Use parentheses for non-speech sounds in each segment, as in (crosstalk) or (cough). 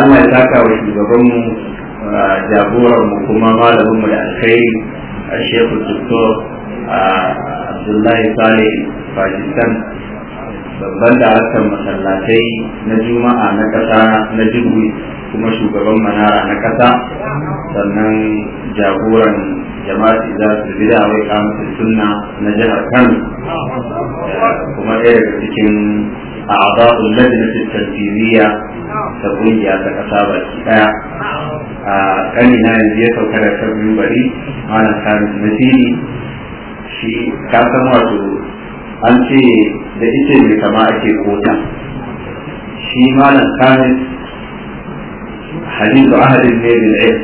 Allah ya saka wa shugabanmu jagoranmu kuma malaminmu da alkhairi a shekul doktor abdullahi saleh pakistan babban daraktan masallatai na juma'a na kasa na jirgi kuma shugaban manara na kasa sannan jagoran jama'a za su bida wai kamusin sunna na jihar kano kuma ɗaya daga cikin a'adadun lajinatin tarbiyya ta kungiya ta ƙasa baki ɗaya a ƙanina yanzu ya sauka da ta biyu bari mana kamis nasiri shi ka san wato an ce da ita mai kama ake kota shi malam kamis hadisu ahadin ne bil'is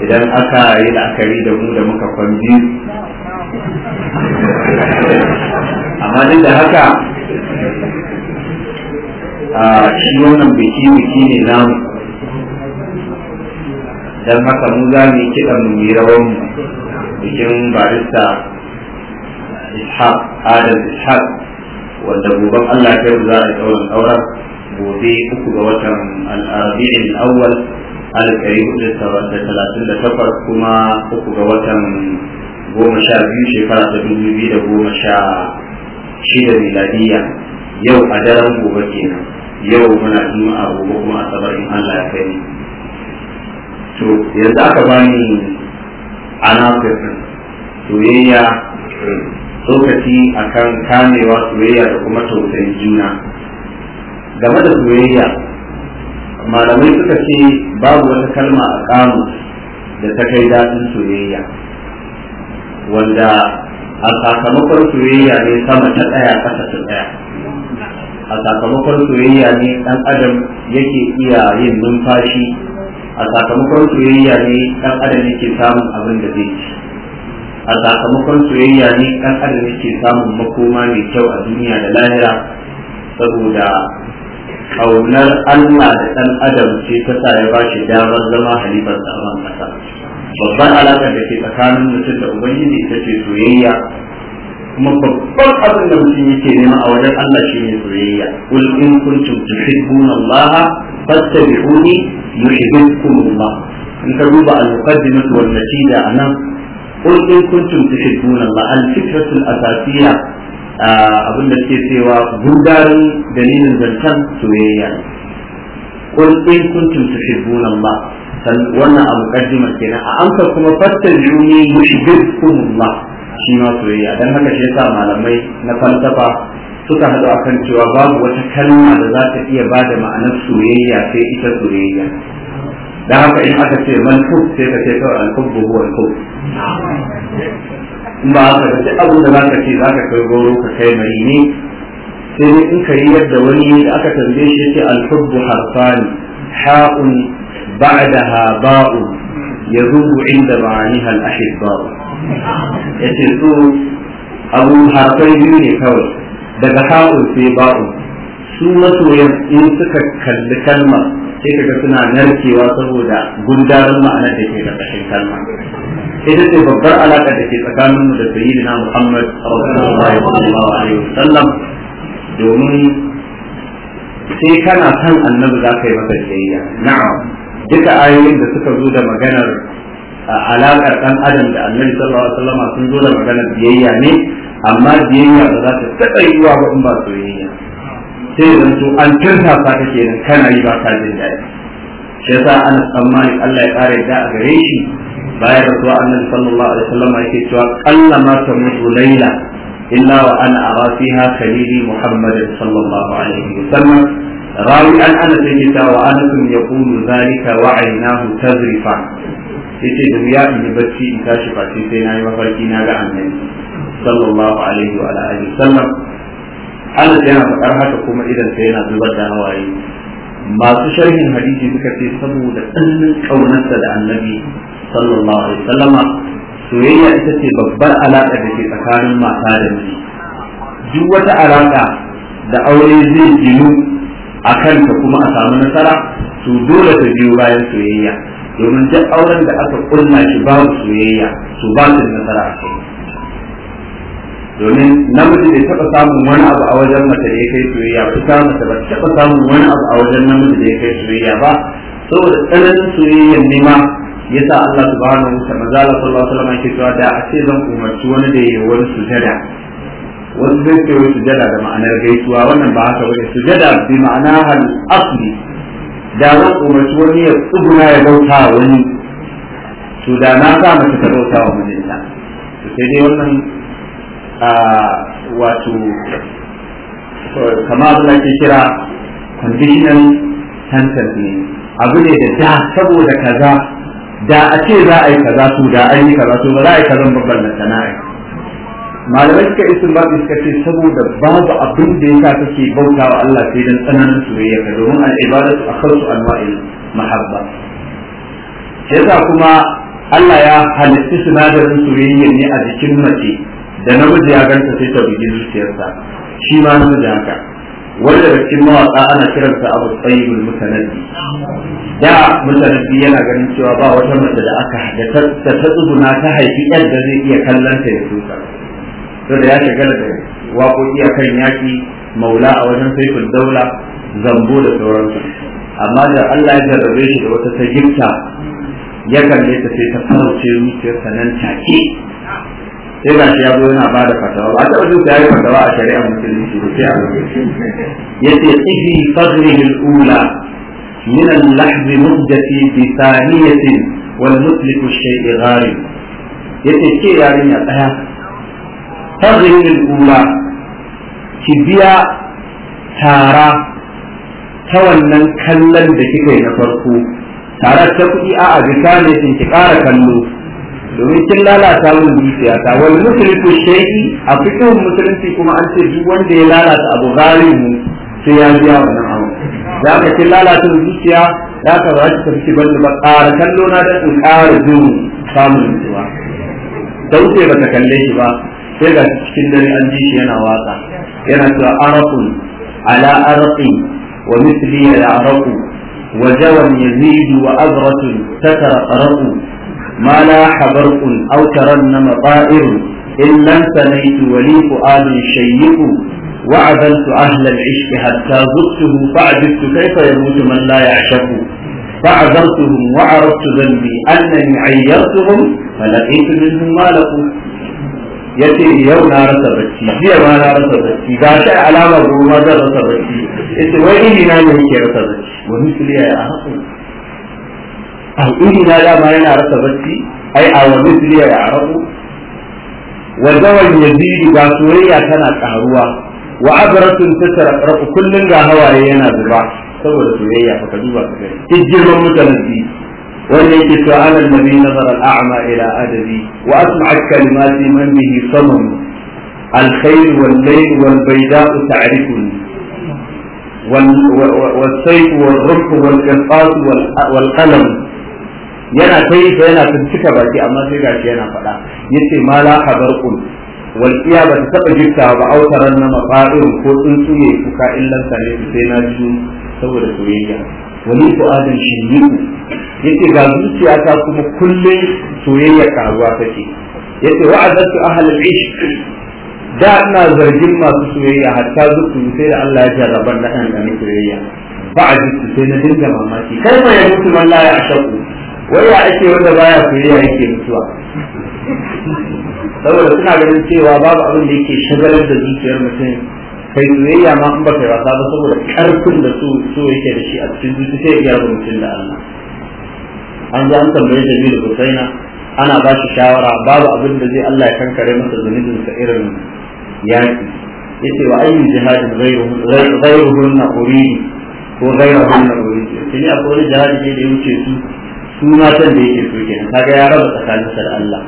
idan aka yi la'akari da mu da muka kwanji amma duk da haka shi wannan biki biki ne namu don haka mu za mu yi kiɗan mu yi rawan bikin barista ishaq adam ishaq wanda gobar allah kai za a yi tsauran gobe uku ga watan al'arbi'in awwal alif ɗari hudu da talatin da takwas kuma uku ga watan goma sha biyu shekara ta dubu biyu da goma sha shida miladiya yau a daren gobe kenan yau muna juma'a gobe kuma asabar in Allah ya kai to yanzu aka bani anafir soyayya tsokaci akan kamewa soyayya da kuma tausayin juna game da soyayya malamai suka ce babu wata kalma a kamu da ta kai daɗin soyayya wanda a sakamakon soyayya ne sama ta ɗaya ƙasa ta ɗaya, a sakamakon soyayya ne ɗan adam yake iya yin numfashi a sakamakon soyayya ne ɗan adam yake samun abin da zai ci a sakamakon soyayya ne ɗan adam yake samun makoma mai kyau a duniya da lahira saboda kaunar Allah da ɗan adam ce ta sa ya bashi damar zama halifar tsaron kasa. babban alaƙar da ke tsakanin mutum da ubangiji ita ce soyayya kuma babban abin da mutum yake nema a wajen Allah shi ne soyayya kul in kuntum tuhibbuna Allah fattabi'uni yuhibbukum Allah in ka duba al-muqaddimah wal natija anan kul in kuntum tuhibbuna Allah al-fikratu al-asasiyya abin da ke cewa gudarin dalilin zancen soyayya ne kun in kuntum tuhibbuna san wannan abu kaddima kenan a amsa kuma fattabi'uni yuni Allah shi ma soyayya dan haka shi yasa malamai na falsafa suka hada kan cewa babu wata kalma da za ta iya ba da ma'anar soyayya sai ita soyayya dan haka in aka ce man kub sai ka ce kawai alkubbu huwa kub in ba haka da duk abin da za ka ce za kai goro ka kai mai ne sai dai in ka yi yadda wani aka tambaye shi ce alhubbu harfani ha'un ba'daha ba'un yazubu inda ma'aniha al-ahibba yace su abu harfai biyu ne kawai daga ha'un sai ba'u. su masoyan in suka kalli kalmar sai kaga suna narkewa saboda gundarin ma'anar da ke ƙarƙashin kalma ita ce babbar alaƙa da ke tsakanin mu da na Muhammad sallallahu alaihi wasallam domin sai kana san annabi za ka yi masa biyayya na'am duka ayoyin da suka zo da maganar alaƙar ɗan adam da annabi sallallahu alaihi wasallam sun zo da maganar biyayya ne amma biyayya ba za ta taɓa yiwa ba in ba soyayya sai ya zanto an tirta fa take nan kana yi ba ka jin daɗi shi yasa ana tsammanin Allah ya ƙara yadda a gare shi bayan rasuwa annabi sallallahu alaihi wasallam yake cewa qalla ma tamutu layla illa wa ana ara fiha khalili muhammad sallallahu alaihi wasallam rawi an ana sai ta wa ana kun yaqulu zalika wa aynahu tazrifa yace da ya yi bacci in tashi face sai na yi mafarki na ga annabi sallallahu alaihi wa alihi wasallam Allah yana faɗar haka kuma idan ta yana zubar da hawaye masu sharhin hadisi suka ce saboda tsananin kaunarsa da annabi sallallahu alaihi wasallama soyayya ita ce babbar alaƙa da ke tsakanin mata da miji duk wata alaƙa da aure zai ginu a kanta kuma a samu nasara su dole ta biyo bayan soyayya domin duk auren da aka ƙulla shi babu soyayya su ba su nasara a kai domin namiji bai taɓa samun wani abu a wajen mace da ya kai soyayya fita mace ba taɓa samun wani abu a wajen namiji da ya kai soyayya ba saboda tsananin soyayyar nema sa Allah subhanahu wa maza zalla sallallahu alaihi wasallam yake cewa da a ce zan umarci wani da ya wani sujada wani zai ce wani sujada da ma'anar gaisuwa wannan ba haka su sujada bi ma'ana hal asli da zan umarci wani ya tsuguna ya bauta wani to da na sa mace ta bauta wa mijinta to sai dai wannan wato kama abin ake kira conditional sentence ne abu ne da da saboda kaza da a ce za a yi kaza su da an yi kaza su ba za a yi kaza babban na sana'a malamai suka yi sun babu suka ce saboda babu abin da ya sa kake bauta wa Allah sai dan tsananin soyayya ka domin al'ibadatu akhawsu anwa'il mahabba yasa kuma Allah ya halitta sinadarin soyayya ne a jikin mace da namiji ya ganta sai ta bugi zuciyarsa shi ma namiji haka wanda da cikin mawaka ana kiransa abu tsayibul mutanaddi da mutanaddi yana ganin cewa ba wata mace da aka da ta tsuguna ta haifi yar da zai iya kallon ta ya tuka to da ya shiga da waƙoƙi a kan yaƙi maula a wajen saifin daula zambo da sauransu amma da Allah ya jarrabe shi da wata ta gifta ya kalle ta sai ta farauce zuciyarsa nan take sai ga shi ya zo yana bada fatawa ba ta rubuta yayi fatawa a shari'a musulunci da sai a rubuce yace tsifi fadrihi al-ula min al-lahd muddati bi thaniyatin wal mutliku shay'i Ya ce ke yarinya daya tsaya. al-ula ki biya tara ta wannan kallon da kika yi na farko Tara ta kuɗi a abita ne ki ƙara kallo domin kin lalata min dukiya ta wal musliku shay'i a fiqhin musulunci kuma an ce duk wanda ya lalata abu zalimu sai ya biya wannan abu za ka kin lalata dukiya za ka ba ki tafi banda ba ƙara kallo na da in ƙara jin samun nutsuwa dauke ba ta kalle shi ba sai ga cikin dare an ji shi yana waka yana cewa arafun ala arqi wa misli ya araku wa jawan yazidu wa azratun tatarqaru ما لاح برق أو ترنم طائر إن لم تنيت ولي فؤاد شيق وعذلت أهل العشق حتى زدته فعجبت كيف يموت من لا يعشق فعذرتهم وعرفت ذنبي أنني عيرتهم فلقيت منهم ما لقوا yace yau na rasa bacci jiya ma na rasa bacci ga ta alama gobe ma zan rasa bacci ita wai ina ne yake rasa bacci wani kuliya ya haƙuri أقول إن هذا ما ينعرف بسي أي أعلم سلي يا عرب يزيد باسوري أتنا كهروا وعبرة تسر كل من هوا لينا ببعض سوى سلي يا فكذوبا تجرم متنزي وليك سؤال النبي نظر الأعمى إلى أدبي وأسمع الكلمات من به صمم الخير والليل والبيداء تعرفني والسيف والرب والقرطاس والقلم yana ta yi ta yana tuntuka baki amma sai gashi yana faɗa yace ma la habarqun wal iya ba ta taba jikta ba autaran na mafa'ir ko tsuntsu ne kuka illan sare su sai na ji saboda soyayya wani ko adam shi ne yace ga zuciya ta kuma kullun soyayya karuwa take yace wa'adatu ahlul ishq da ina zargin masu soyayya hatta zuku sai da Allah ya a da ɗan da soyayya ba a sai na dinga mamaki kai ma ya mutu man la Wai ya ake wanda baya soyayya yake mutuwa saboda suna ganin cewa babu abin da yake shagalar da zuciyar mutum kai soyayya ma in baka wasa ba saboda karfin da su so yake da shi a cikin zuciya sai iya ga mutum da Allah an zo an tambaye Jamilu Husaina ana ba shi shawara babu abin da zai Allah ya kankare masa zunubin sa irin yaki yace wa ayyu jihadin ghayru ghayruhunna uridi ko ghayruhunna uridi kin akwai jihadi da ya wuce su suna matan da yake so kenan kaga ya raba tsakaninsa da Allah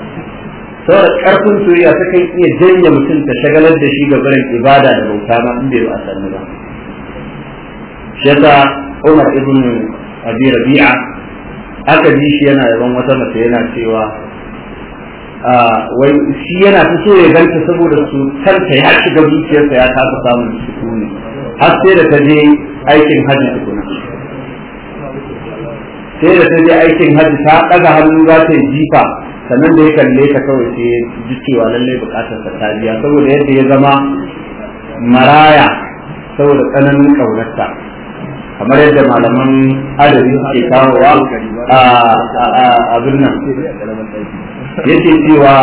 saboda karfin soyayya ta kan iya janye mutum ta shagalar da shi ga barin ibada da bauta ma in bai ba sannu ba Umar ibn Abi Rabi'a aka ji shi yana yaban wata mace yana cewa wai shi yana ta so ya ganta saboda su kanta ya shiga zuciyarsa ya kasa samun sukuni har sai da ta je aikin hajji sai da ta dai aikin hajji ta ɗaga hannu za ta yi jifa sannan da ya kalle ta kawai sai ya ji cewa lallai bukatar ta tariya saboda yadda ya zama maraya saboda tsananin ƙaunarta kamar yadda malaman adabi ke kawowa a abin nan yake cewa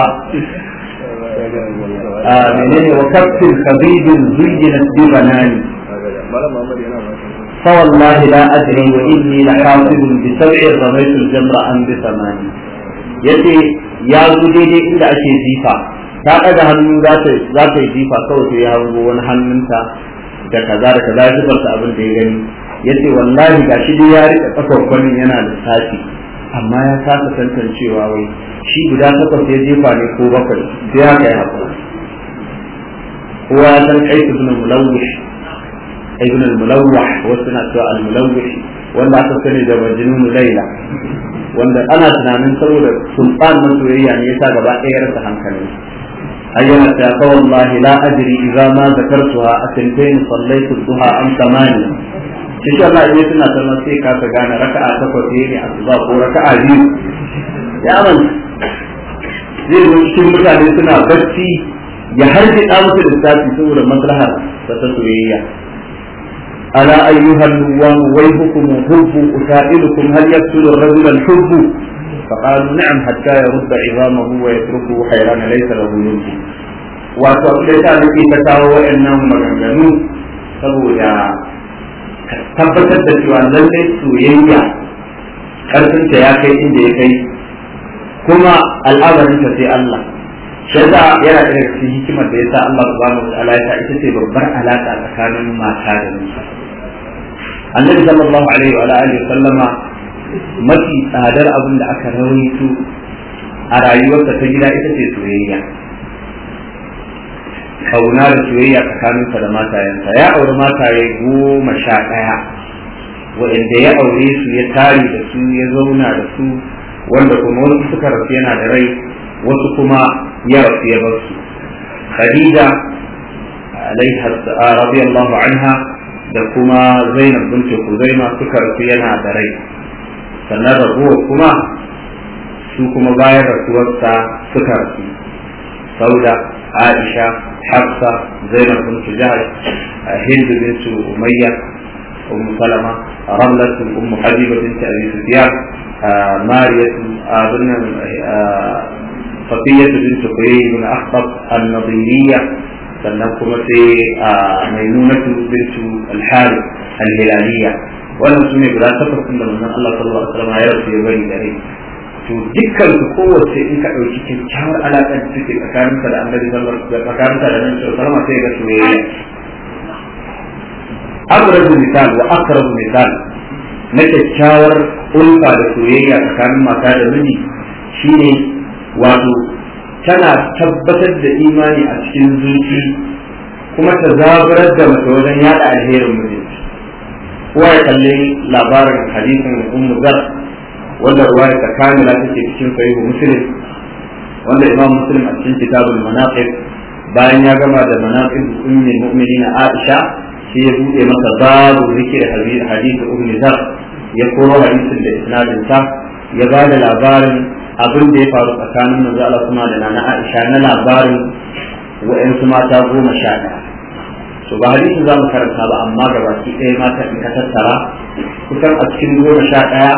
menene wa kafin kabidin zuyyinar bi banani فوالله لا أدري وإني لحافظ بسبع رميت الجمرة أم بثماني يتي يا زوجي إلا أشي زيفا ta ɗaga hannu za ta yi jifa kawai sai ya hango wani hannunta da kaza da kaza ya zubar abin da ya gani ya ce wallahi ga shi dai ya riƙa kafar kwanin yana lissafi amma ya kasa tantancewa wai shi guda takwas ya jefa ne ko bakwai sai haka ya haƙura kowa ya san aiki suna mulawushi ibn al-mulawwah wasu na cewa al-mulawwah wanda aka sani da majnun laila wanda ana tunanin saboda sultan na soyayya ne yasa gaba ɗaya rasa hankalin ayyana ta fa wallahi la ajri idza ma zakartuha atantain sallaytu duha am tamani shi shi Allah ya tuna sanar sai ka ka gane raka'a takwas ne asuba ko raka'a biyu ya man zai zo cikin mutane suna barci ya harbi da musu lissafi saboda maslahar ta soyayya ألا أيها النوام ويحكم الحب أسائلكم هل يقتل الرجل الحب فقالوا نعم حتى يرد عظامه ويتركه حيران ليس له يلب وتقلت التي تتاوى وإنهم مغنغنون saboda tabbatar da cewa lallai soyayya ƙarfinta ya kai inda ya kai kuma al'amarinta sai Allah shaza ya daga cikin hikimar da ya sa Allah subhanahu wa ta'ala ya ita ce babbar alaƙa tsakanin mata da annabi sallallahu alaihi wa alihi sallama mafi tsadar abin da aka rawaito a rayuwarsa ta gida ita ce soyayya kauna da soyayya tsakaninsa da matayensa ya auri mataye goma sha ɗaya waɗanda ya aure su ya tare da su ya zauna da su wanda kuma wasu suka rasu yana da rai wasu kuma ya rasu ya bar su khadija alaiha radiyallahu anha da kuma zainab binti kuzaima suka rasu yana da rai sannan raguwa kuma su kuma bayan rasuwarsa suka rasu sauda aisha hafsa zainab binti jahal hindu binti umayya أم سلمة رملة habiba binti abi أبي mariya مارية أظن binti بنت قريب بن أخطب nadiriyya sannan kuma sai a mai nuna bintu alhari alhilaliya wannan su ne guda takwas da manzon Allah sallallahu alaihi wasallam ya rasu ya bari gare to dukkan su kowace in ka dauki kyakkyawar alaƙa da take tsakanin da annabi sallallahu alaihi wasallam tsakanin da annabi sallallahu alaihi wasallam sai ga soyayya أقرب wa وأقرب na kyakkyawar ulfa da soyayya tsakanin mata da miji shine wato tana tabbatar da imani a cikin zuci kuma ta zaburar da mace wajen yada alherin mijinta kowa ya kalli labarin hadisin ummu zar wanda ruwa ta kamila take cikin sahihu muslim wanda imam muslim a cikin kitabul manaqib bayan ya gama da manaqib ummi mu'minina aisha sai ya bude masa babu zikir hadisi ummu zar ya koro hadisin da isnadin ya ba da labarin abin da ya faru tsakanin manzo Allah kuma da nana Aisha na labarin su mata goma sha ɗaya to ba hadisi za mu karanta ba amma ga baki ɗaya mata in ka tattara kusan a cikin goma sha ɗaya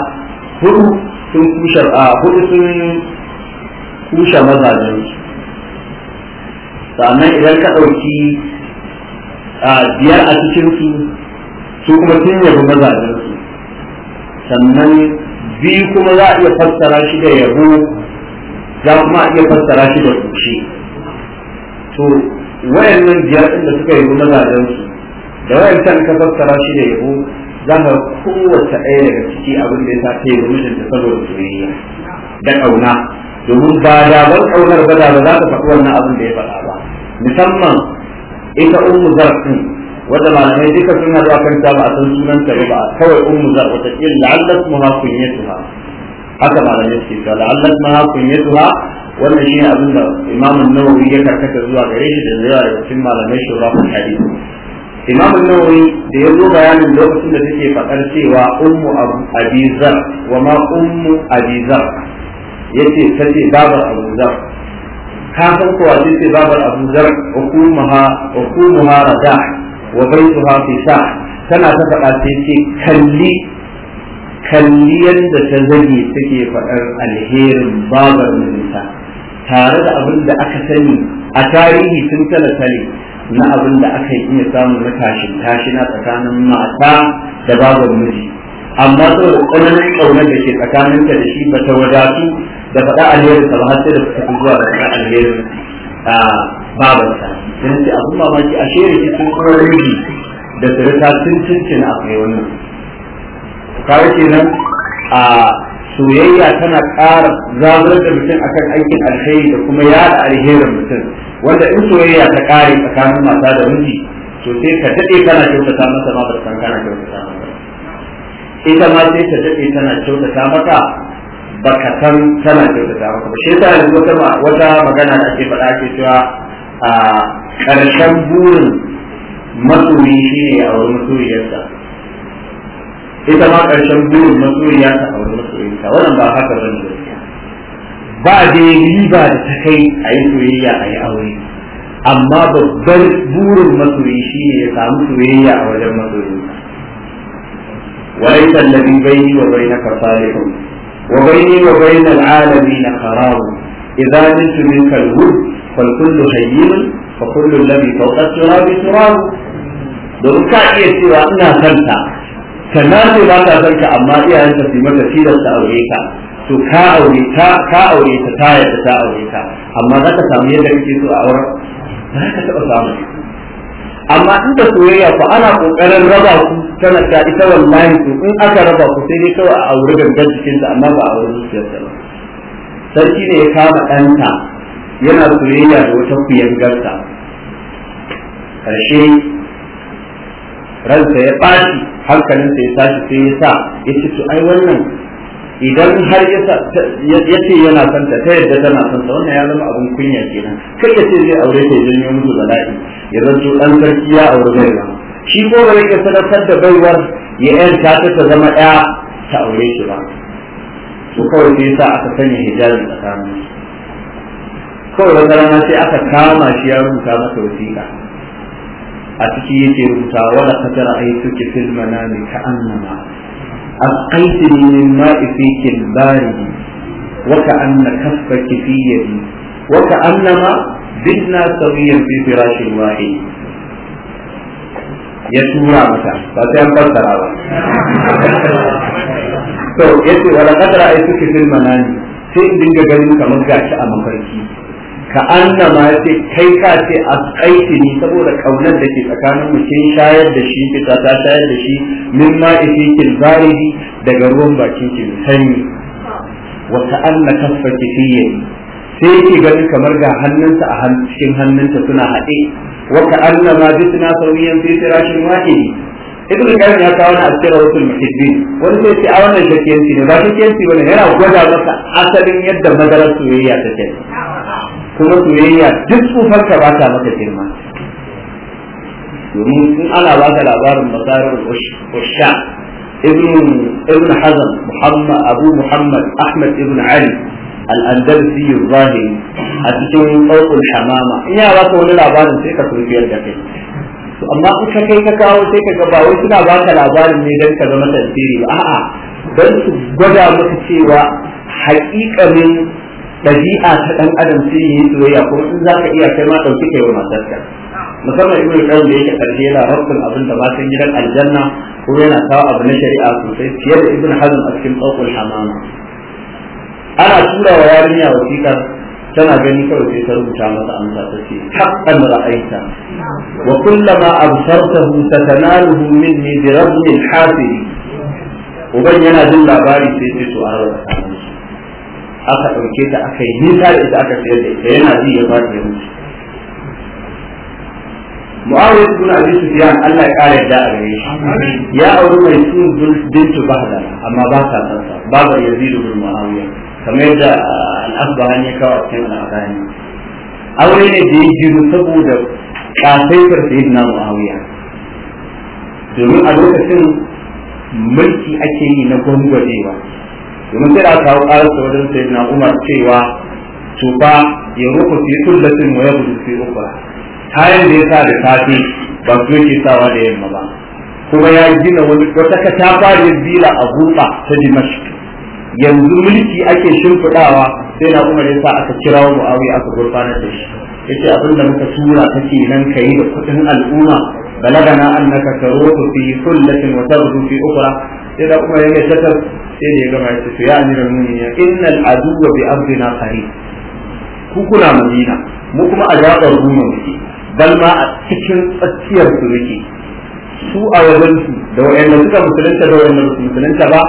hudu sun kusha a hudu sun kushe mazajen sannan idan ka ɗauki biyar a cikin su su kuma sun yabi mazajen su sannan biyu kuma za a iya fassara shi da yabo za kuma a iya fassara shi da kuce to wayannan biyar ɗin da suka yi mazajen su da can ka fassara shi da yabo za ka kowace ɗaya daga ciki abin da ya sa ta yi mijinta saboda soyayya da ƙauna domin ba ban ƙaunar ba da ba za ka faɗi wannan abin da ya faɗa ba musamman ita ummu zarfin wanda malamai duka sun haɗu a kan samu a san sunan ta ba kawai ummu zar wata kila la'allat muha kunyatuha haka malamai suke cewa la'allat muha kunyatuha wannan shine abin da imam an-nawawi ya karkata zuwa gare shi da zuwa daga cikin malamai shurahul hadith imam an-nawawi da ya zo bayanin lokacin da take faɗar cewa ummu abizar wa ma ummu abizar yace sai babar abuzar ka san ko sai ce babar abuzar hukumaha hukumaha radah wa baituha fi sha tana ta faɗa sai ce kalli kalli yadda ta zage take faɗar alherin babar mijinta tare da abin da aka sani a tarihi tun tana tare na abin da aka iya samun na tashin tashina tsakanin mata da babar miji amma saboda tsananin ƙaunar da ke ta da shi ba ta wadatu da faɗa alherin ta ba har sai da ta zuwa da faɗa alherin ah, babansa don ce abin mamaki a shirin shi sun kuma da sirika sun cincin a kai wannan kawai ke nan a soyayya tana ƙara zabar da mutum akan aikin alheri da kuma yada alherin mutum wanda in soyayya ta ƙare tsakanin mata da miji to sai ka daɗe kana kyautata masa ma ba san kana kyautata masa ita ma sai ta daɗe tana kyautata maka ba ka san tana kyautata maka ba shi ta yanzu wata wata magana da ake faɗa ake cewa a ƙarshen burin masoyi shi ne a wurin masoyiyarsa ita ma ƙarshen burin masoyiya ta a wurin masoyinka wannan ba haka bane gaskiya ba dai ba da ta kai a yi soyayya a yi aure amma babban burin masoyi shi ne ya samu soyayya a wajen masoyinka وليس الذي بيني وبينك صالح وبيني وبين العالمين قرار إذا جئت منك الود فالكل هين فكل الذي فوق التراب تراب domin ka iya cewa ina kanta. kana ce ba ka amma iyayen ta su mata tilas ta to ka aure ta ka aure ta amma za ka samu yadda kake so a auren za ka taɓa samu amma in da soyayya ku ana kokarin raba ku tana ta ita wallahi to in aka raba ku sai dai kawai a aure gangan jikin amma ba a aure zuciyar ba sarki ne ya kama ɗanta yana soyayya da wata kuyangarsa karshe ransa ya ɓaci hankalinsa ya tashi sai ya sa ya ci ai wannan idan har ya ce yana son ta yadda tana son ta wannan ya zama abin kunya kenan kai ya ce zai aure ta idan ya mutu bala'i ya zanto dan sarki ya aure ba, shi ko ba yake sadakar da baiwar ya yanta ta ta zama ɗaya ta aure shi ba to kawai sai sa aka sanya hijabi tsakanin kawai wata sai aka kama shi ya rubuta masa wasiƙa a ciki yake rubuta wala ay tuki fil manami ka annama asqaitini min ma'i fi kil barid wa ka anna kaffaki fi yadi wa ka annama bidna sawiyan fi firashin wahid ya tura mata ba sai an fassara ba to (laughs) yace wala ay tuki fil manami sai in dinga ganin kamar gashi a mafarki ka ma ya ce kai ka ce a tsaiti ni saboda kaunar da ke tsakanin mutum shayar da shi fita ta shayar da shi min ma ifikin zarihi daga ruwan bakin ki sanyi wa ta'anna kaffa kifiyya sai ki gani kamar ga hannunsa a cikin hannunta suna haɗe wa ka'anna ma jisna sawiyan fi firashin wahidi ibn qayyim ya kawo na asira wasul muhibbin wani sai ce a wannan shakiyanci ne ba shakiyanci bane yana gwada maka asalin yadda madarar soyayya take kuma soyayya duk tsufarka ba ta maka girma domin in ana ba ka labarin masarar usha ibn ibn hazm muhammad abu muhammad ahmad ibn ali al-andalusi zahiri a cikin tsawon hamama in ya ba ka wani labarin sai ka kurfiyar da kai to amma in ka kai ka kawo sai ka ga ba wai suna ba ka labarin ne don ka zama tasiri ba a'a don su gwada maka cewa haƙiƙanin ɗabi'a ta ɗan adam sai yi soyayya ko in za ka iya kai ma ɗauki kai wa matarka musamman ibn qayyim da yake karshe yana rabbul abin da matan gidan aljanna ko yana kawo abu na shari'a sosai fiye da ibn hazm a cikin tsawon hamama ana tura wa yarinya wasiƙar tana gani kawai sai ta rubuta masa amsa ta ce haqqan ra'aita wa kullama absartahu tatanaluhu minni bi rabbin hasiri uban yana jin labari sai ce to a rubuta aka ɗauke ta aka yi nisa da ita aka sayar da ita yana ji ya ba ta yanzu Mu'awiyah ibn Abi Sufyan Allah ya kare da a gare shi ya auri mai sun ba da, amma ba ta san ba babar Yazid bin Mu'awiyah kamar yadda ah, al-Asbahani ya kawo cikin a asbahani aure ne da ya jiru saboda kasaitar sayyidina Mu'awiyah domin a lokacin mulki ake yi na gwangwajewa domin sai da aka hau ƙararsa wajen sai na umar cewa tufa ya rufe fi tullatin wa ya gudu fi ukura kayan da ya sa da safe ba su yake sawa da yamma ba kuma ya gina wani wata katafariyar bila a buɗa ta dimashq yanzu mulki ake shimfiɗawa sai na umar ya sa aka kira wa mu'awiya aka gurfanar da shi yace abin da muka tura kake nan yi da kuɗin al'umma balagana annaka taruhu fi kullatin wa tardu fi ukra sai da umar ya shatar sai da ya gama ya ce ya amiral mu'minin innal aduwa bi ardina qarib ku kuna madina mu kuma a jabar ruma muke bal ma a cikin tsakiyar su muke su a wajen su da wayanda suka musulunta da wayanda su musulunta ba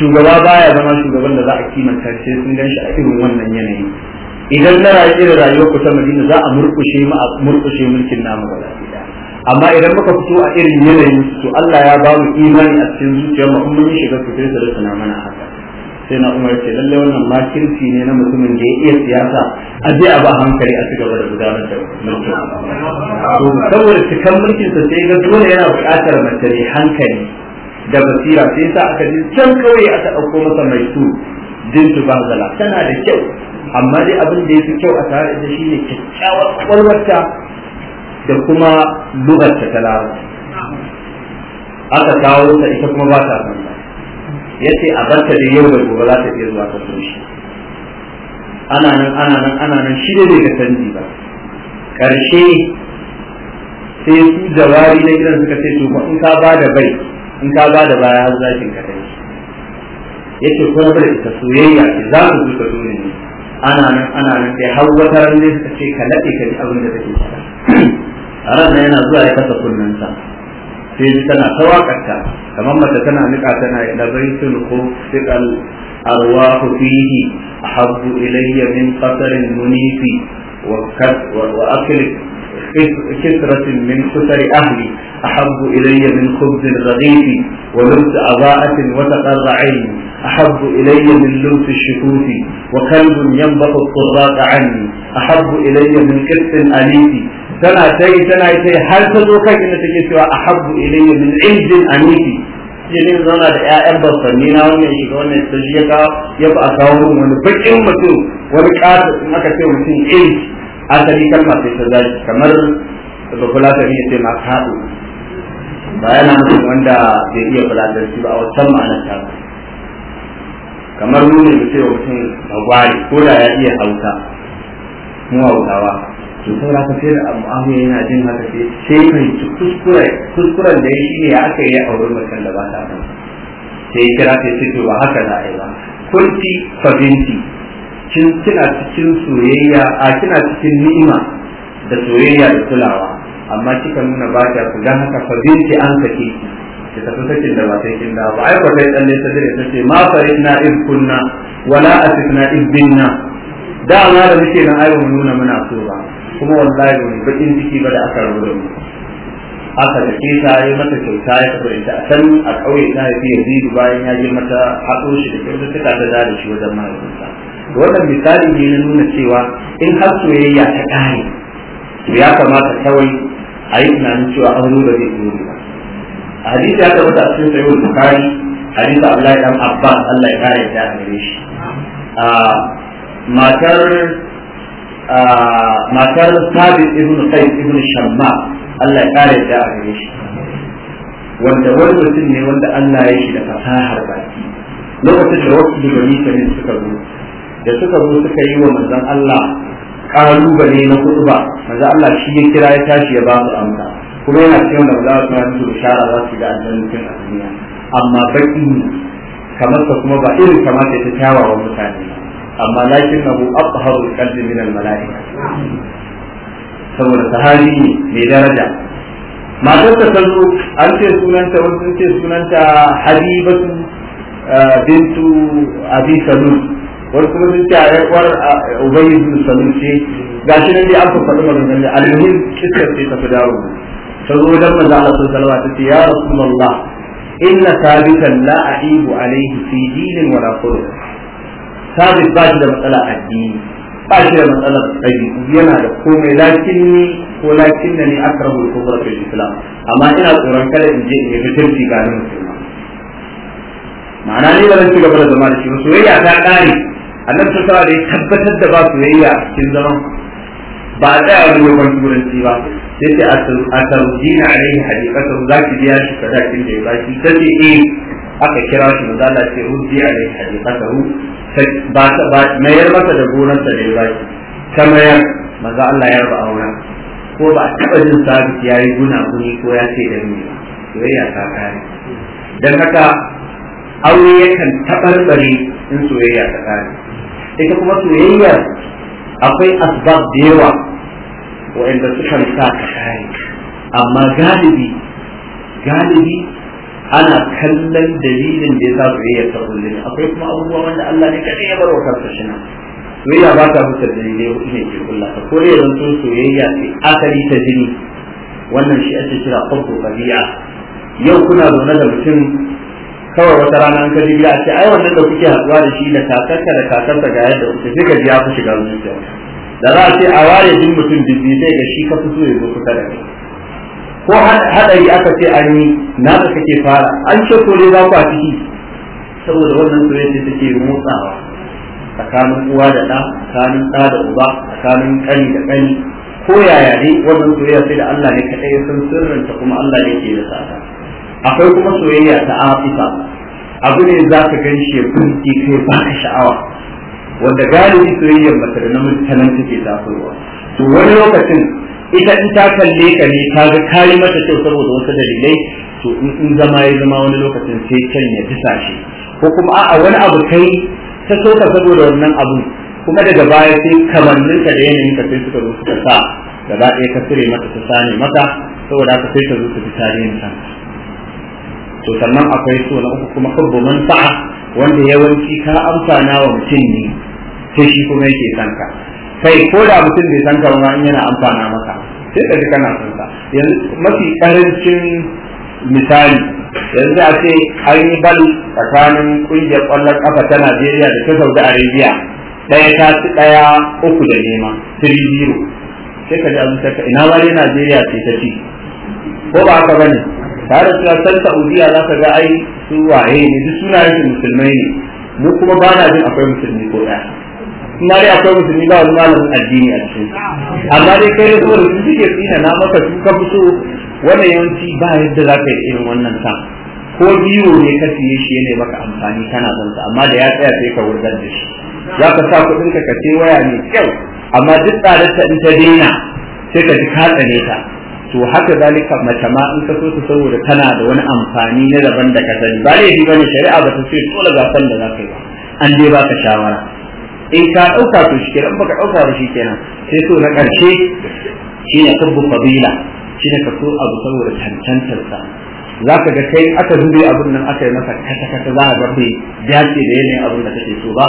shugaba baya zama shugaban da za a kimanta sai sun gan shi a irin wannan yanayi idan na rayu da rayuwar kusa madina za a murkushe mu a murkushe mulkin namu gaba ɗaya amma idan muka fito a irin yanayin to Allah ya ba mu imani a cikin zuciyar mu mun shiga su da suna mana haka sai na umar ce lalle wannan ma ne na mutumin da ya iya siyasa a je a ba hankali a cigaba da gudanar da mulki to saboda cikan mulkin sa sai ga dole yana buƙatar mace hankali da basira sai sa aka ji can kawai aka ɗauko masa mai su jintu bazala tana da kyau amma dai abin da ya fi kyau a tare da shi ne kyakkyawar kwalwarta da kuma lugar ta talaba aka kawo ta ita kuma ba ta san ya ce a barka da yau da gobe za ta iya zuwa ta so shi ana nan ana nan ana nan shi dai ga canji ba karshe sai su jawari na gidan suka ce to in ka ba da bai in ka ba da baya har zakin ka dai yace ko ba da ta soyayya ki za ku duka dole ne ana nan ana nan sai har wata ran ne suka ce ka lade ka ji abin da kake faɗa a ranar yana zuwa ya kasa kunnensa sai tana ta waƙarta kamar mace tana niƙa tana yi labaitul khufiqal arwahu fihi ahabbu ilayya min qasarin munifi wa akl كثرة من كثر أهلي أحب إلي من خبز رغيف ولبس أضاءة وتقر عيني أحب إلي من لبس الشكوت وكلب ينبح الطراق عني أحب إلي من كف أليف tana ta yi tana yi sai har ta zo kan inda take cewa a habbu ilayya min indin aniki shi ne zauna da ƴaƴan babbanni na wannan shi ga wannan sai ya ka ya ba a kawo wani bakin mutum wani ƙasa in aka ce mutum in asali kalma sai ta zai kamar da fulatani ya sai na kaɗu ba yana mutum wanda bai iya fulatanci ba a wancan ma'anar ta kamar mu ne mu mutum wa gwari ko da ya iya hausa mu hautawa to sai da sai da abu yana jin haka sai sai fahimci kuskure kuskuren da ya shi ne aka yi a wurin mutum da ba ta kan sai ya kira sai sai to ba haka za a yi ba kunti fa binti kin kina cikin soyayya a kina cikin ni'ima da soyayya da kulawa amma kika nuna ba ta ku dan haka fa binti an sake ki ki tafi sakin da ba sai kin dawo ba ai ba kai tsalle ta dire sai ma farina in kunna wala asifna in binna da ma da muke nan ai ba mu nuna muna so ba kuma wallahi ne bakin ciki ba da aka rabu da mu aka da ke ta yi mata kyauta ya tafi da a can a kauye ta haifi ya zidu bayan ya ji mata haɗo shi da kyauta suka ta da shi wajen mahaifinsa wannan misali ne na nuna cewa in har soyayya ta ƙare to ya kamata kawai a yi tunanin cewa an zo zai ba a hadisi ya tabbata a cikin sayo bukari hadisi abdullahi dan Abba allah ya kare ta gare shi ah, matar matar sabit ibn qais ibn shamma Allah ya kare da a gare shi wanda wani mutum ne wanda Allah ya shi da fasahar baki lokacin da wasu dubani ne suka zo da suka zo suka yi wa manzon Allah kalubale na kutuba manzon Allah shi ya kira ya tashi ya ba su amsa kuma yana cikin da za su ma bishara za su ga aljannatin a duniya amma baki ne kamar kuma ba irin kamata ta kyawawan mutane ba amma lakinnahu aqharu al haru min al-mala'ika saboda sahabi ne mai daraja Matar ta zo an ce sunanta wasu sun ce sunanta habibatu bintu abi salul wani kuma sun ce a yakwar ubayi bin salul ce gashi nan dai an fi faɗi maganar da alhumin kiskar ce ta fi dawo ta zo wajen manzo a sun salwa ta ce ya rasulullah inna sabitan la'aibu alaihi alayhi fi dinin wala khuluq sabis ba shi da matsala addini ba shi da matsala ɗabi'u yana da komai lakin ni ko lakin na ne aka rabu ko da islam amma ina tsoron kada in je in yi fitirci ga ni musulma ma'ana ne ba zan ci gaba da zama da shi ba soyayya ta ƙare annabi sallallahu alaihi tabbatar da ba soyayya a cikin zama, ba a tsaya wani yawan turanci ba sai ta atarujina alaihi hadifatan za ki biya shi sadakin da ya baki ta ce eh aka kira shi maza da ce rubbi alaihi hadifatan ba ba mayar masa da gonarsa da ya baki ta mayar maza Allah ya raba auren ko ba a taɓa jin sabis ya yi kuni ko ya ce da ni ba soyayya ta kare don haka aure yakan taɓarɓare in soyayya ta kare ita kuma soyayya akwai asbab da yawa waɗanda sukan sa ka share amma galibi galibi ana kallon dalilin da ya sa soyayya ta kullum akwai kuma abubuwa wanda Allah ne kadai ya bar wa kansa shi nan soyayya ba ta mutar dalilai hudu ne ke kulla Ka ko dai zanto soyayya ce asali ta jini wannan shi ake kira fadlu qabi'a yau kuna zaune da mutum kawai wata rana an kaji ya ce ai wannan da kuke haɗuwa da shi da kakarka da kakarka ga yadda kuke duka ji ya fi shiga zuciya da za a ce a ware jin mutum bibi sai ga shi ka so ya zo kusa da kai ko hadari aka ce an yi na kake fara an ce ko dai ku a ciki saboda wannan soyayya take motsawa tsakanin uwa da ɗa tsakanin ɗa da uba tsakanin ƙani da ƙani ko yaya dai wannan soyayya sai da Allah ne kaɗai ya san sirrinta kuma Allah ne ke da tsada akwai kuma soyayya ta afifa abu ne za ka gan shi ya kai ba ka sha'awa wanda galibi soyayyar mace da namiji ta nan take tasowa to wani lokacin ita in ta kalle ka ne ta ga kayi mata kyau saboda wasu dalilai to in zama ya zama wani lokacin sai kan ya bisa shi ko kuma a'a wani abu kai ta so saboda wannan abu kuma daga baya sai kamannin ka da yanayin ka sai suka zo suka sa gaba ɗaya ka cire mata ta sani mata saboda haka sai ta zo ta fi tarihin ta to sannan akwai so na uku kuma man manfa'a wanda yawanci ka amfana wa mutum ne ta shi kuma yake san ka kai ko da mutum bai san ka ba yana amfana maka sai ka ji kana san ka yanzu mafi karancin misali yanzu a ce an yi bal tsakanin kungiyar kwallon kafa ta Najeriya da ta Saudi Arabia ɗaya ta ci ɗaya uku da nema 3-0 sai ka ji an ina ba Najeriya ce ta ci ko ba haka bane tare da san Saudiya za ka ga ai su waye ne duk suna yin musulmai ne mu kuma ba na jin akwai musulmi ko ɗaya ina dai akwai musulmi ba wani malamin addini a cikin amma dai kai da kuma su suke tsina na maka su ka fito wannan yawanci ba yadda za ka yi irin wannan kan ko biyu ne ka siye shi ne maka amfani kana son sa amma da ya tsaya sai ka wurgar da shi za ka sa kuɗin ka ka waya mai kyau amma duk tsarin ta in ta daina sai ka ji ka tsane ta to haka zalika mace ma in ka so ta saboda tana da wani amfani na daban da ka sani ba laifi bane shari'a ba ta ce dole ga san da za ka yi ba an dai baka shawara in ka dauka to shi kenan baka dauka ba shi kenan sai so na karshe shine kubbu fadila ne ka so abu saboda tantantar sa za ka ga kai aka zube abin nan aka yi masa kata kata za a ga bai dace da yanayin abin da kake so ba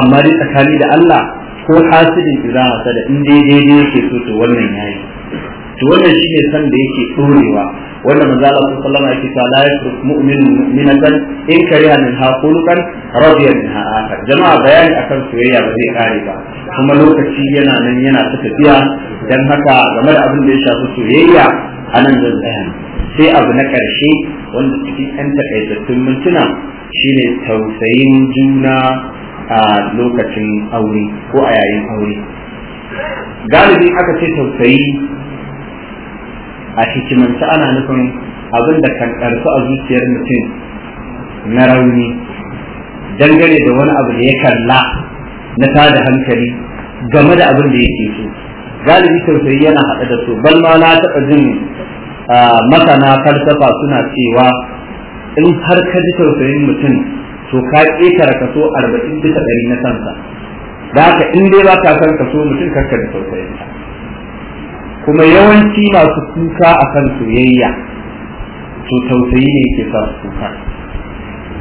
amma dai tsakani da Allah ko hasidin za a sada in dai daidai yake so to wannan yayi to wannan shine san da yake dorewa wanda manzo Allah sallallahu alaihi wasallam yake cewa la yasruk mu'min mu'minatan in kariha min ha khuluqan radiya min ha akhar jama'a bayani akan soyayya ba zai kare ba kuma lokaci yana nan yana ta tafiya dan haka game da abin da ya shafi soyayya anan zan tsaya sai abu na karshe wanda cikin yan takaitattun mintuna shine tausayin juna a lokacin aure ko a yayin aure galibi aka ce tausayi a hikimance ana nufin abin da kan karfi a zuciyar mutum na rauni dangane da wani abu da ya kalla na da hankali game da abin da yake so galibi tausayi yana haɗa da su bal ma na taɓa jin masana falsafa suna cewa in har ka ji tausayin mutum to ka ƙetare kaso arba'in bisa ɗari na sansa da haka in dai ba ka san kaso mutum ka da tausayin kuma yawanci masu kuka a kan soyayya to tausayi ne ke sa kuka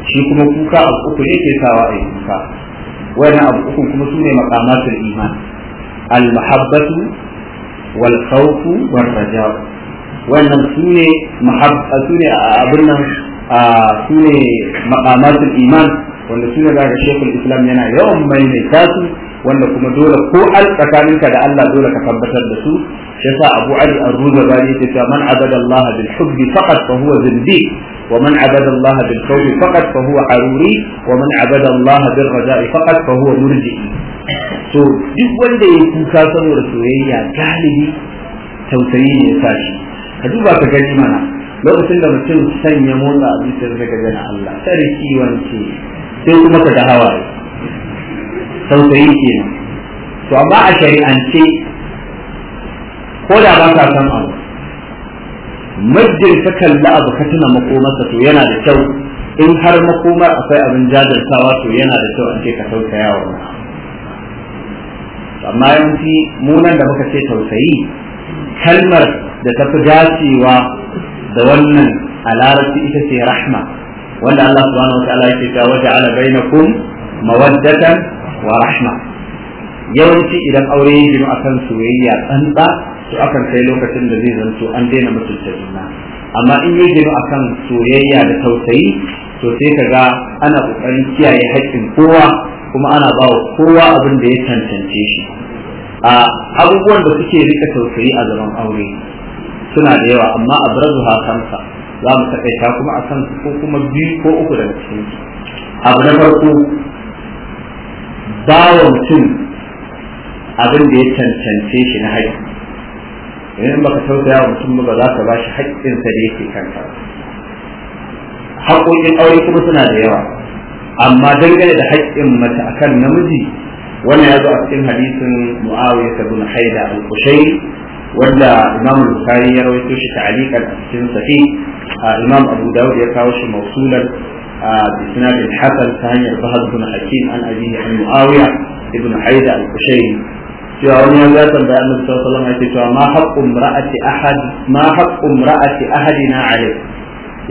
shi kuma kuka abu uku ne ke sawa a kuka wannan abu uku kuma su ne makamatul iman al-mahabbatu wal khawfu wal raja'u wannan su ne mahabba su ne abin nan su ne makamatul iman wanda su ne daga shekul islam yana yawan maimaita su wanda kuma dole ko al tsakaninka da Allah dole ka tabbatar da su yasa Abu Ali Ar-Ruza bani yake cewa man abada Allah bil hubbi faqat fa huwa zindi wa man abada Allah bil khawfi faqat fa huwa aruri wa man abada Allah bil raja'i faqat fa huwa murji to duk wanda ya kuka saboda soyayya galibi tausayi ne ya shi ka duba ka gani mana lokacin da mutum sanya motsa a zuciyar daga gana Allah sarki wance sai kuma ka ga hawaye tausayi kenan to amma a shari'ance ko da ba ka san abu muddin ta kalli abu ka tuna makomarsa to yana da kyau in har makomar akwai abin jajirtawa to yana da kyau an ce ka tausaya wa amma yanzu munan da muka ce tausayi kalmar da ta fi dacewa da wannan a ita ce rahma wanda Allah subhanahu wa ta'ala yake ta waje ala bainakum mawaddatan wa rahma yawanci idan aure ya a akan soyayya tsantsa to akan kai lokacin da zai zanto an daina mutunta juna amma in ya a akan soyayya da tausayi to sai ka ga ana kokarin kiyaye haƙƙin kowa kuma ana ba wa kowa abin da ya tantance shi a abubuwan da suke rika tausayi a zaman aure suna da yawa amma a ha kansa za mu taƙaita kuma kan ko kuma biyu ko uku daga cikin abu na farko bawa mutum abin da ya cancance shi na haƙƙi idan baka tausaya mutum ba za ka ba shi haƙƙinsa da yake kanka haƙoƙin aure kuma suna da yawa amma dangane da haƙƙin mace akan namiji wannan ya zo a cikin hadisin muawiya ta bin haida al wanda imam bukhari ya rawaito shi ta'aliqan a cikin sahih imam abu da'ud ya kawo shi mausulan بسناد الحسن ثاني البهد بن حكيم عن أبيه عن معاوية ابن حيدة القشيري cewa ya zata da annabi sallallahu alaihi wasallam yake cewa ma haqqu imra'ati ahad ma haqqu imra'ati ahadina alayhi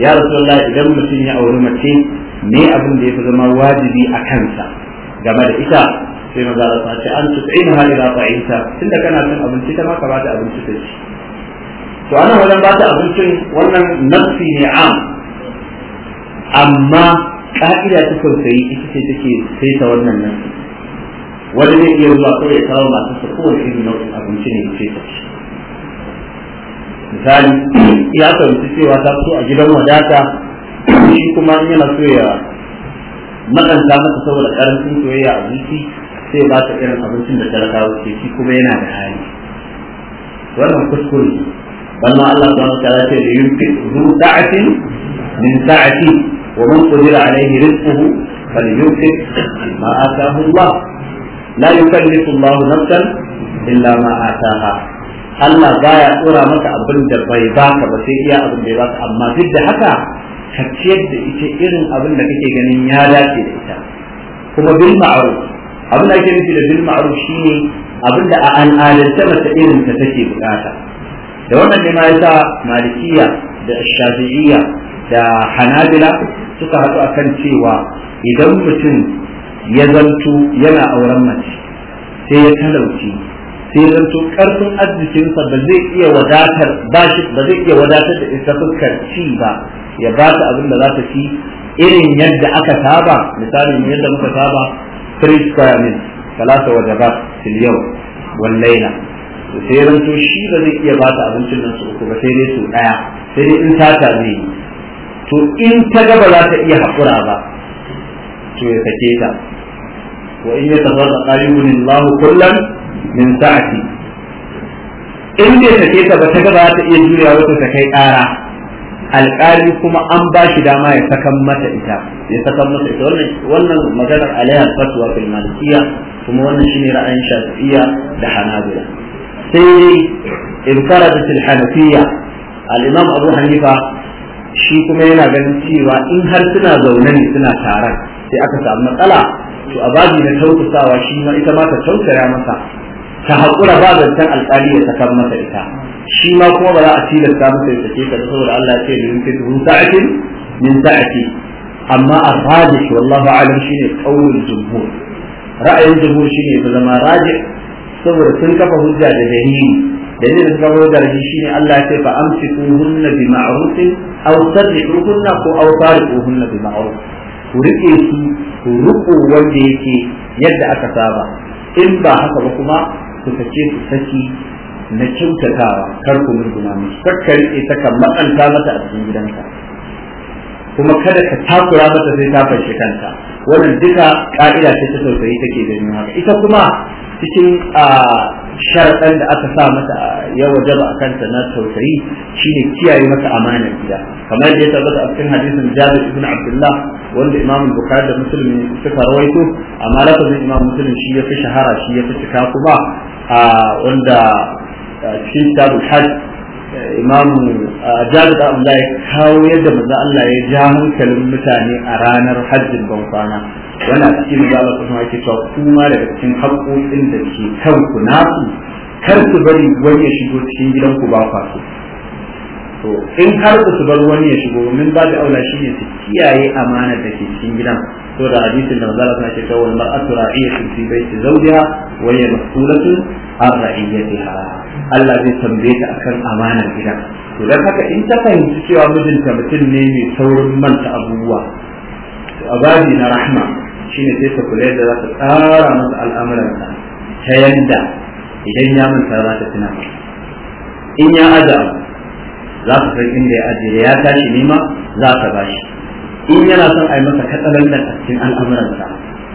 ya rasulullah idan mutum ya auri mace me abin da yafi zama wajibi a kansa game da ita sai maza da ce an tut'imha ila ta'ita tunda kana cin abinci ta maka ba ta abinci ta to ba ta abincin wannan nafsi ne am amma ka'ida ta tausayi ita ce take sai ta wannan nan wani zai iya zuwa kawai ya kawo masu sa kowace irin nau'in abinci ne ce ta shi. misali ya fahimci cewa ta so a gidan wadata shi kuma yana so ya matsanta masa saboda karancin soyayya a zuci sai ba ta irin abincin da talakawa ce shi kuma yana da hali wannan kuskure ne balla Allah subhanahu wa ta'ala ce yunfi zu sa'atin min sa'ati ومن قدر عليه رزقه فلينفق ما آتاه الله لا يكلف الله نفسا إلا ما آتاها Allah baya tsora maka abin da bai baka ba sai iya abin da ya baka amma duk da haka ka ciyar da ita irin abin da kake ganin ya dace da ita kuma bil ma'ruf abin da ake nufi da bil ma'ruf shine abin da a al'adance mata irin ta take bukata da wannan ne ma yasa malikiya da shafi'iyya da hanabila suka haɗu a kan cewa idan mutum ya zanto yana auren mace sai ya talauci sai ya zanto ƙarfin arzikinsa ba zai iya wadatar ba shi ba zai iya wadatar da isa ci ba ya ba ta abin da za ta ci irin yadda aka saba misalin yadda muka saba three square meals talata wajabat fil yau wal sai shi ba zai iya ba ta abincin nan su uku ba sai dai su daya sai dai in sata zai yi to in ta ga za ta iya haƙura ba to ya sake ta wa in ya tafarra qalibun Allah kullan min sa'ati in bai sake ta ba ta ga ba za ta iya juriya wata ta kai ƙara alƙali kuma an ba shi dama ya sakan mata ita ya sakan mata ita wannan wannan maganar alayha fatwa fil malikiyya kuma wannan shine ra'ayin shafi'iyya da hanabila sai dai in farada al hanafiyya al imam abu hanifa shi kuma yana ganin cewa in har suna zaune ne suna taron sai aka samu matsala to a baji na tausasawa shi ma ita ma ta tausaya masa ta haƙura ba zancen alƙali ya sakar masa ita shi ma kuma ba za a tilasta masa ya sake ta saboda Allah ya ce min fi duhu sa'atin min sa'ati amma a rajih wallahu shi ne qaulul jumhur ra'ayin jumhur shine ya zama raji saboda sun kafa hujja da dalili dalilin da suka zo da rashi shine Allah ya ce fa na bi ma'ruf aw sarrihuhunna ko aw na bi ma'ruf ku riƙe su ku ruku wanda yake yadda aka saba in ba haka ba kuma ku sace su saki na kyautatawa kar ku murguna musu kakkar ita ka ta mata a cikin gidanka kuma kada ka takura mata sai ta fashe kanta wannan duka ka'ida ce ta tausayi take da haka ita kuma cikin ah, sharaɗan da aka sa mata ya wajaba a kanta na tausayi shine kiyaye mata amanar gida kamar da ya tabbata a cikin hadisin Jabir ibn Abdullah wanda Imam Bukhari da Muslim suka rawaito amma lafazin Imam Muslim shi ya fi shahara shi ya fi cika kuma a wanda cikin kitabul hajj Imam Jabir da Allah ya kawo yadda manzo Allah ya ja hankalin mutane a ranar hajjin ban kwana yana cikin da Allah kuma yake cewa kuma da cikin haƙoƙin da ke kanku naku kar ku bari wani ya shigo cikin gidanku ba kwa to in har ku bar wani ya shigo min ba da aula shine su kiyaye amanar da ke cikin gidan to da hadisin da manzala ta ce ta wal mar'atu ra'iyatu fi baiti zawjiha wa hiya mas'ulatu an ra'iyatiha Allah zai tambaye ta akan amanar gidan to dan haka in ta fahimci cewa mijinta mutum ne mai saurin manta abubuwa to abadi na rahma shine sai ta kula da za ta tsara masa al'amuransa ta yanda idan ya manta za ta tuna in ya aza za ka san inda ya ajiye ya tashi nima za ka bashi in yana son a yi masa katsalandan a cikin al'amuransa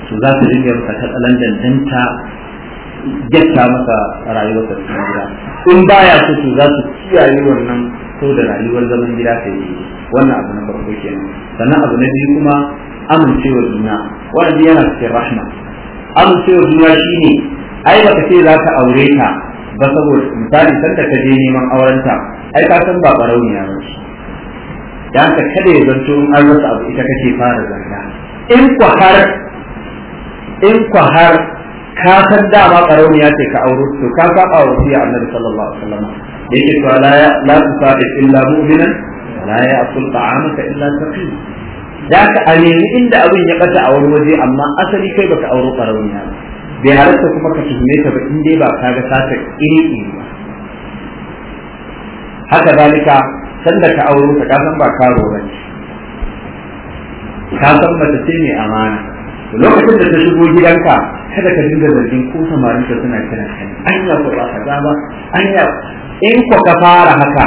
to za ta dinga masa katsalandan dan ta gyatta masa rayuwarsa cikin gida in baya so to za su kiyaye wannan ko da rayuwar zaman gida ta yi wannan abu na farko kenan sannan abu na biyu kuma amincewa juna wannan yana cikin rahma amincewa juna shine ai baka ce za ka aure ta ba saboda misali sanda ka je neman aurenta ai ka san ba ne ba shi ka kada ya zanto in an rasa abu ita kake fara zanna in ku har in ku har ka san dama barauniya ce ka auro to ka saba wa wasiya annabi sallallahu alaihi wasallam yake to la la tusafir illa mu'minan la ya'kul ta'amaka illa taqi da ka a nemi inda abin ya bata a wani waje amma asali kai baka auro barauniya bai halarta kuma ka tuhume ta ba in dai ba ka ga sata iri iri ba haka zalika sanda ka auro ka kasan ba karo ba ka san mace ce mai amana lokacin da ta shigo gidanka kada ka dinga zargin ko samarin ta suna kiran kai anya ko ba kaza ba anya in ko ka fara haka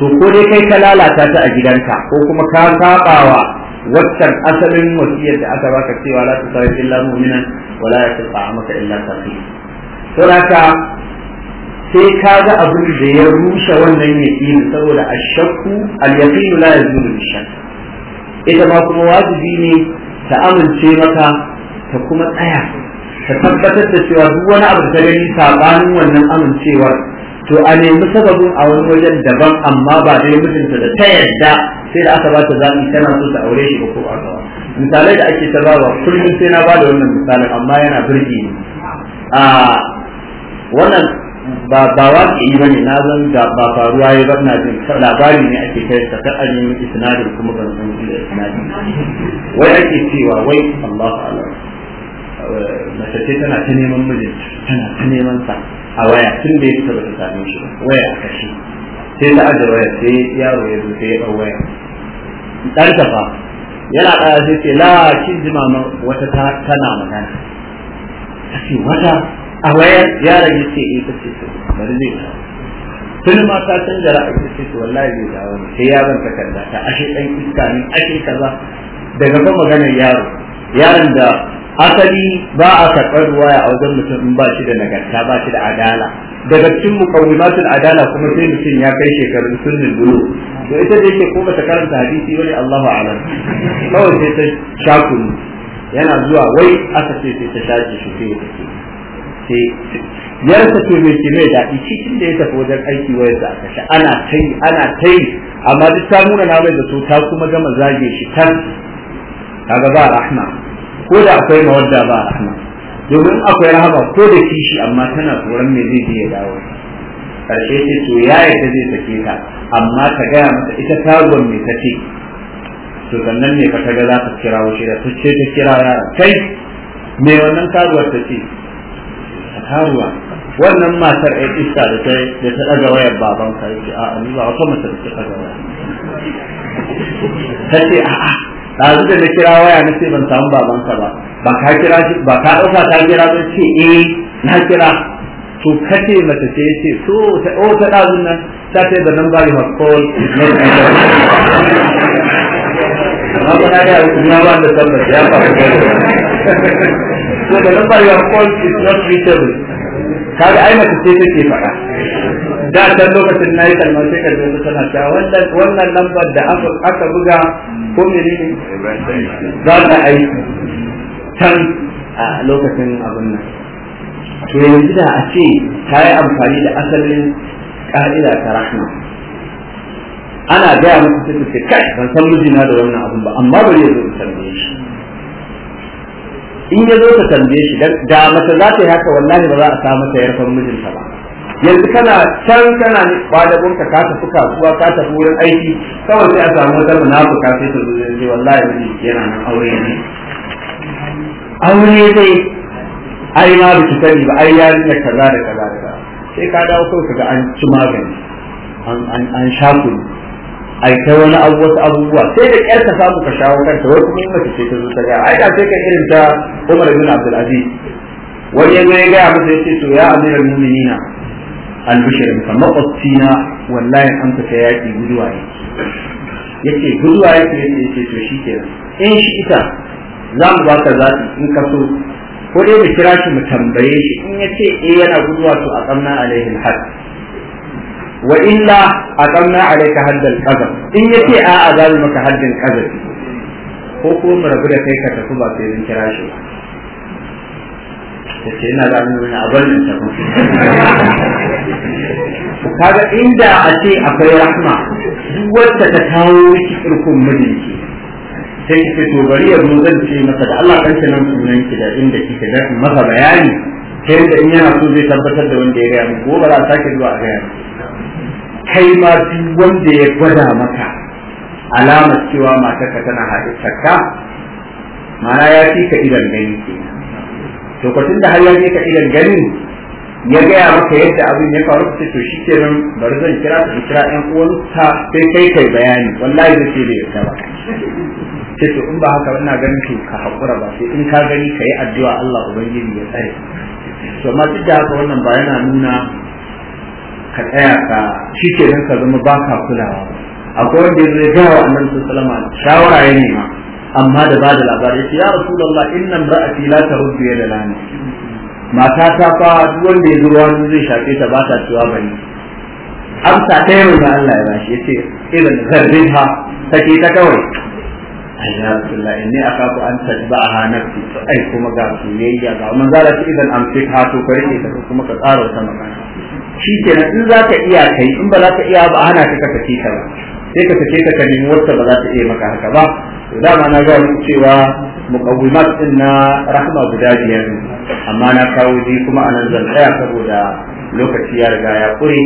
to ko dai kai ka lalata ta a gidanka ko kuma ka sabawa waccan asalin wasiyar da aka baka cewa la tusawir illa mu'minan wa la yasqa amaka illa safi to haka sai ka ga abin da ya rushe wannan yaqin saboda ashakku al-yaqin la yazulu bi-shakk ita ma kuma wajibi ne ta amince maka ta kuma tsaya ta tabbatar da cewa duk wani abu da gani sabanin wannan amincewar to a nemi sababin a wani wajen daban amma ba dai mutunta da ta yadda sai da aka ba ta zaɓi tana so ta aure shi ba ko a gawa misalai da ake tarbawa kullum sai na ba da wannan misalin amma yana birki ne. a wannan ba ba waƙi yi bane na zan ga ba faruwa ya ba na jin labari ne ake kai ta ta alim isnadin kuma ban san shi da isnadin wai ake cewa wai Allahu akbar mace ce tana ta neman mijinta tana ta neman sa a waya tun da ya fita ba ta same shi ba waya a kashe sai ta ajiye waya sai yaro ya zo sai ya ɗau waya dan ta fa yana ɗaya sai ce la shi ji ma wata ta tana magana ce wata a wayar yaran ya ce eh kace bari zai tun ma ta canza ra'ayi sai ce wallahi zai dawo sai yaron ta kalla ta ashe dan iska ne ashe kaza daga kan maganar yaro yaron da asali ba a karɓar ruwa a wajen mutum in ba shi da nagarta ba shi da adala daga cikin muqawwimatul adala kuma sai mutum ya kai shekarun sunnin dulo to ita da yake ko bata karanta hadisi wani Allahu a'lam kawai sai ta shakuni yana zuwa wai aka ce sai ta shaki shi sai ya yar ta ce mai kime mai daɗi cikin da ya tafi wajen aiki wayar da aka sha ana tai ana tai amma duk ta nuna na mai da to ta kuma gama zage shi kan kaga ba rahma ko da akwai mawadda ba a rahama domin akwai rahama ko da kishi amma tana tsoron me zai je ya dawo karshe ce to ya ta zai sake ta amma ka gaya masa ita taruwar me ta ce to sannan ne ka ga za ta kira wuce da ta ce ta kira yara kai me wannan taruwar ta ce taruwa wannan matar ya isa da ta da ta ɗaga wayar baban ka yake a'a ni ba wata mace da ta ɗaga waya ta ce a'a ɗazu da na kira waya na ce ban samu babansa ba ba ka kira shi ba ka ɗauka ta kira ba ce eh na kira to kace ce ce so ta o oh, ta ɗazun nan ta ce da nan ba yi called not ba da ga ba da ba ya faru so da (laughs) number you have called is not reachable kaga ai mace ce take faɗa da ta lokacin na yi kalmar sai karbe su suna ta wannan lambar da aka buga ko mene ne za ta aiki can a lokacin abin nan to yanzu da a ce ta yi amfani da asalin ka'ida ta rahma ana gaya musu sai ce kai ban san mijina da wannan abin ba amma bari ya zo in tambaye shi in ya zo ta tambaye shi da mace za ta yi haka wallahi ba za a samu mata yarfan mijinta ba yanzu kana can kana ba da gurka ka tafi kasuwa ka tafi wurin aiki kawai sai a samu wata munafuka sai ta zo yanzu wallahi miji yana nan aure ne aure dai ai ma biki sani ba ai yarinya kaza da kaza da kaza sai ka dawo kawai kaga an ci magani an an sha ai kai wani abu wasu abubuwa sai da ƙyar ka samu ka shawo kanta wai kuma yin mace ce ta zo ta ga ai da sai ka irin ta Umar bin Abdul Aziz wani yanzu ya gaya masa ya ce to ya amiral mu'minina albishirin ka makwabcina wallahi an fita yaƙi guduwa ne yace guduwa yake ya ce to shi ke in shi ita za mu ba ka zaɓi in ka so ko dai mu kira shi mu tambaye shi in ya ce eh yana guduwa to a tsamna alaihin har wa illa a tsamna alaika haddal kazar in ya ce a'a za mu maka haddin kazar ko ko mu rabu da kai ka tafi ba sai mun kira shi ba ta ce yana zaɓin wani abin da ta kaga inda a ce akwai rahma duk wanda ta kawo shi irkun mijinki sai ki to bari ya zo zan ce masa da Allah kan nan sunan ki da inda kike da masa bayani ta yadda in yana so zai tabbatar da wanda ya gaya mu gobe za a sake zuwa a gaya kai ma duk wanda ya gwada maka alamar cewa matarka tana haɗe shakka ma'ana ya fi ka idan gani kenan lokacin da har ya je ka idan gani ya gaya maka yadda abin ya faru ka to shi ke nan bari zan kira ka kira ɗan uwansa sai kai kai bayani wallahi zai ce bai yadda ba ce to in ba haka ina ganin to ka haƙura ba sai in ka gani ka yi addu'a Allah ubangiji ya tsare to amma duk da haka wannan ba yana nuna ka tsaya ka shi ke nan ka zama ba ka kulawa akwai wanda ya zai gawa annabi sallallahu alaihi shawara ya nema amma da bada labari yace ya rasulullah inna ra'ati la taruddu ya dalani mata ta fa duk wanda ya zo wani zai shafe ta ba ta cewa bane amsa ta yau da Allah ya bashi yace zarbin ha take ta kawai ai ya rasulullah inni akaku an ha nafsi ai kuma ga soyayya ga manzala ta idan amsik ha to kare ta kuma ka tsara ta magana shi ke nan in za ka iya kai in ba za ka iya ba hana ka ka sake ta ba sai ka sake ta ka nemi wata ba za ta iya maka haka ba ma na ga muku cewa muqawwimat din na rahma guda biyar amma na kawo ji kuma anan zan tsaya saboda lokaci ya riga ya kure